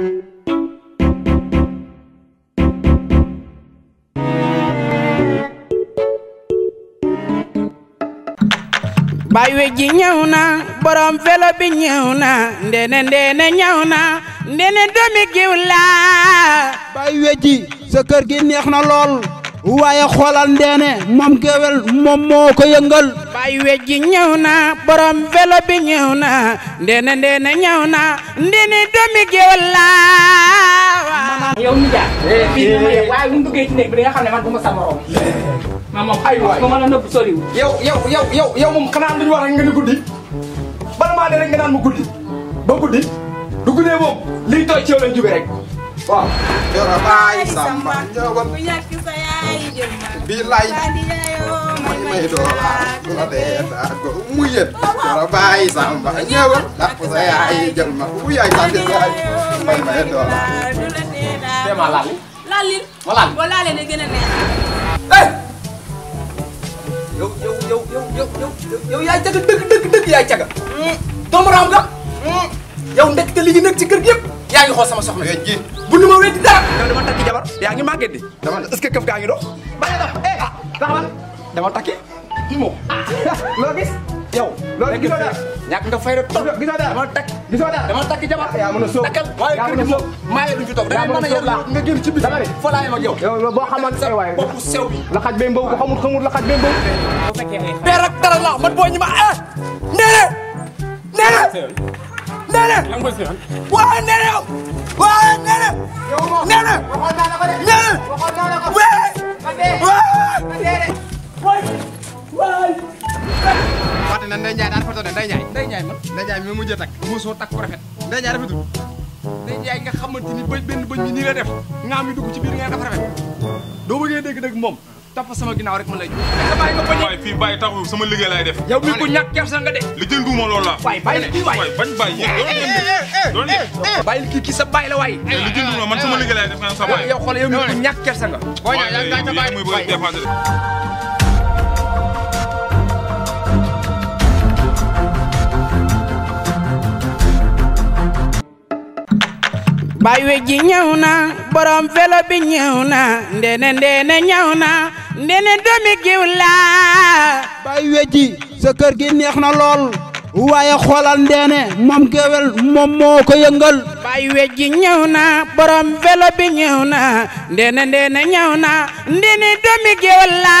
bay wejji ñëw na borom vélo bi ñëw na ndene ndene ñëw na ndene domi giw laa bay wejji sa kër gi neex na lool waaye xoolal ndeene moom géwél moom moo ko yëngal baay wej ji ñëw na borom bi ñëw na ndeena ndeena ñëw na ndeena eh, eh. ni ma yem waaye bu ñu duggee ci néeg bi nga ne man bu ma sa eh. ma moom ay waay ma mën a nëbb soriwul yow yow yow yow yow moom xanaa duñu wax rek nga guddi ba guddi du guddee moom liñ tooy ci yow lañ may doolaar bu la dee daa ko yaay jël ma bu yaay tànn yaay may may a neex yow raam nga yow ndekete li ñu nekk ci kër gi yëpp yaa ngi xool sama soxna ji bu ma weddi dara yow dama takki jabar yaa ngi màgget dama eh, ah, takki imo loo gis yow loolu gisoo dara ñàkk nga fay rek toog gisoo dara dama takk gisoo dara dama takk jabar yaa mën a sóob takkal waaye kër gi moom maaye duñ ci toog da mën a yar nga génn ci biti fa laay mag yow yow boo xamoon sa bopp sew bi la xaj bay mbaw ko xamul xamul la xaj bay mbaw père ak dara la man boo ñu ma eh nene nene nene waaye nene waaye nene nene na Ndeye Ndiaye daal fa doon Ndeye Ndiaye. Ndeye Ndiaye man Ndeye Ndiaye mi mujjee takk. muusoo takk ko rafet. nga xamante bëj benn bëj mi nii la def nga am yu dugg ci biir nga dafa rafet doo bëggee dégg-dégg moom tapp sama ginnaaw rek ma lay jóg. nga bàyyi ma bañ a. sama liggéey laay def. yow mi ko ñàkk kersa nga de. li jëndu ma loolu la. waay bàyyi kii waay waay bañ bàyyi. Eh, eh, doon eh, nañ bàyyi kii kii sa bàyyi la waay. li jëndu ma man sama liggéey laay def nga sa waay. yow xool yow mi ko ñàkk kersa nga. bay wejji ñëw na borom vélo bi ñëw na ndene ndene ñëw na ndene domi giw la bay wejji sa kër gi neex na lool waaye xoolal ndeene moom géwél moom moo ko yëngal bay wejji ñëw na borom vélo bi ñëw na ndene ndene ñëw na ndene domi giw la